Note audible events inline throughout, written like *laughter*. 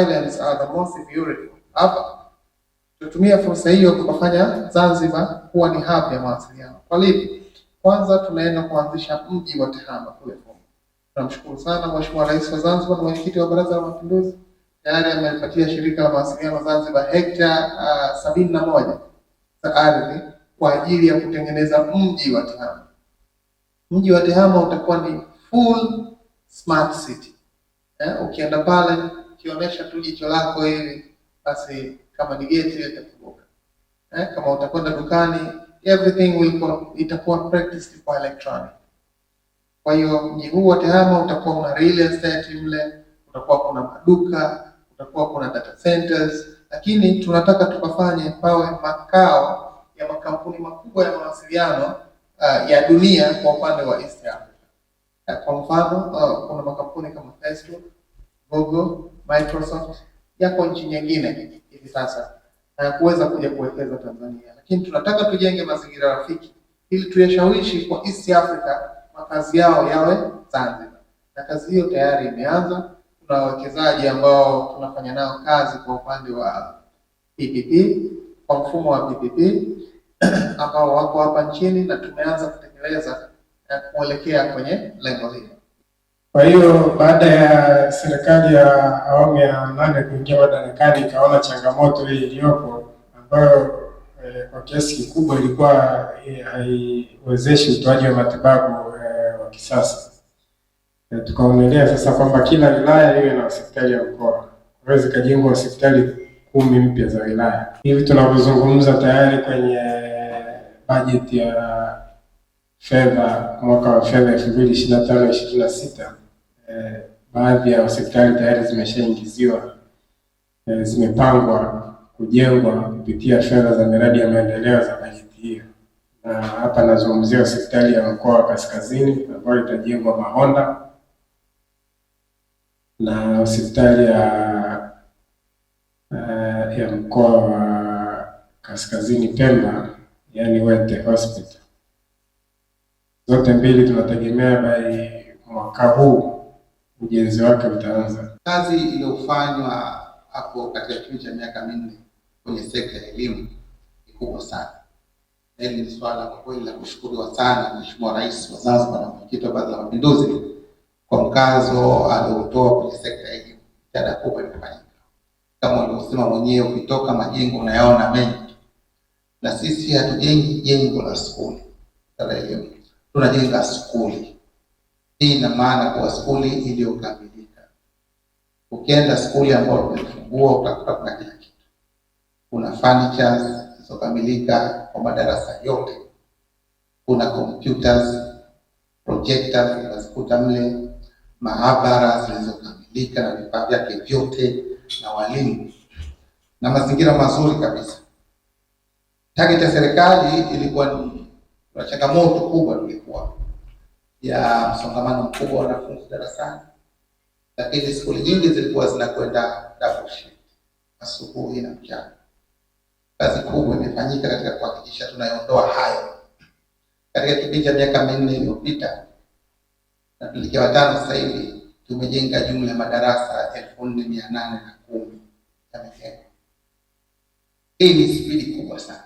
islands are the most beautiful. Hapa tutumia fursa hiyo kufanya Zanzibar kuwa ni hub ya mawasiliano. Kwa nini? Kwanza tunaenda kuanzisha mji wa Tehama kule. Tunamshukuru sana Mheshimiwa Rais wa Zanzibar na mwenyekiti wa Baraza la Mapinduzi, tayari amepatia shirika la mawasiliano Zanzibar hekta uh, sabini na moja za ardhi kwa ajili ya kutengeneza mji wa Tehama. Mji wa Tehama utakuwa ni full smart city. Eh, ukienda pale ukionyesha tu jicho lako hili, basi kama ni geti ile itafunguka. Eh, kama utakwenda dukani, everything will go, itakuwa practiced kwa electronic. Kwa hiyo mji huu wa Tehama utakuwa una real estate mle, utakuwa kuna maduka, utakuwa kuna data centers, lakini tunataka tukafanye pawe makao ya makampuni makubwa ya mawasiliano uh, ya dunia kwa upande wa East Africa. Eh, kwa mfano uh, kuna makampuni kama Facebook Google, Microsoft yako nchi nyingine hivi sasa kuweza kuja kuwekeza Tanzania, lakini tunataka tujenge mazingira rafiki ili tuyashawishi kwa East Africa makazi yao yawe Zanzibar, na kazi hiyo tayari imeanza. kuna wawekezaji ambao tunafanya nao kazi kwa upande wa PPP, kwa mfumo wa PPP *clears throat* ambao wako hapa nchini na tumeanza kutekeleza eh, kuelekea kwenye lengo hilo. Kwa hiyo baada ya serikali ya awamu ya nane kuingia madarakani, ikaona changamoto hii iliyopo ambayo eh, kwa kiasi kikubwa ilikuwa eh, haiwezeshi eh, utoaji wa matibabu eh, wa kisasa eh, tukaonelea sasa kwamba kila wilaya iwe na hospitali ya mkoa, kwa zikajengwa hospitali kumi mpya za wilaya. Hivi tunavyozungumza tayari kwenye bajeti ya fedha mwaka wa fedha elfu mbili ishirini na tano ishirini na sita Eh, baadhi ya hospitali tayari zimeshaingiziwa e, zimepangwa kujengwa kupitia fedha za miradi ya maendeleo za bajeti hiyo, na hapa nazungumzia hospitali ya mkoa wa Kaskazini ambayo itajengwa Mahonda na hospitali ya uh, ya mkoa wa Kaskazini Pemba, yani Wete Hospital. Zote mbili tunategemea bai mwaka huu ujenzi wake utaanza. Kazi iliyofanywa hapo katika kipindi cha miaka minne kwenye sekta ya elimu ni kubwa sana. Hili ni swala kwa kweli la kushukuriwa sana Mheshimiwa Rais wa Zanzibar na mwenyekiti wa Baraza la Mapinduzi kwa mkazo aliotoa kwenye sekta ya elimu. Jitihada kubwa imefanyika, kama ulivyosema mwenyewe, ukitoka majengo unayaona mengi, na sisi hatujengi jengo la skuli la tunajenga skuli hii ina maana kuwa skuli iliyokamilika. Ukienda skuli ambayo tumefungua utakuta kuna kila kitu, kuna furnitures zilizokamilika kwa madarasa yote, kuna computers, projectors unazikuta mle, maabara zilizokamilika na vifaa vyake vyote na walimu na mazingira mazuri kabisa. Target ya serikali ilikuwa ni, changamoto kubwa tulikuwa ya msongamano mkubwa wa wanafunzi darasani, lakini shule nyingi zilikuwa zinakwenda double shift asubuhi na mchana. Kazi kubwa imefanyika katika kuhakikisha tunaiondoa hayo katika kipindi cha miaka minne iliyopita na tulikiwa watano sasa hivi tumejenga jumla ya madarasa elfu nne mia nane na kumi yamejengwa. Hii ni spidi kubwa sana.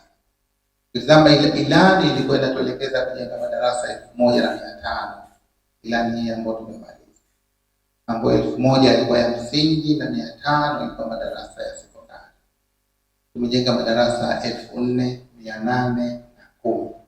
Tizama ile ilani ilikwenda tuelekeza kujenga madarasa elfu moja na mia tano ilani hii ambayo tumemaliza, ambayo elfu moja ilikuwa ya msingi na mia tano ilikuwa madarasa ya sekondari. Tumejenga madarasa elfu nne mia nane na kumi.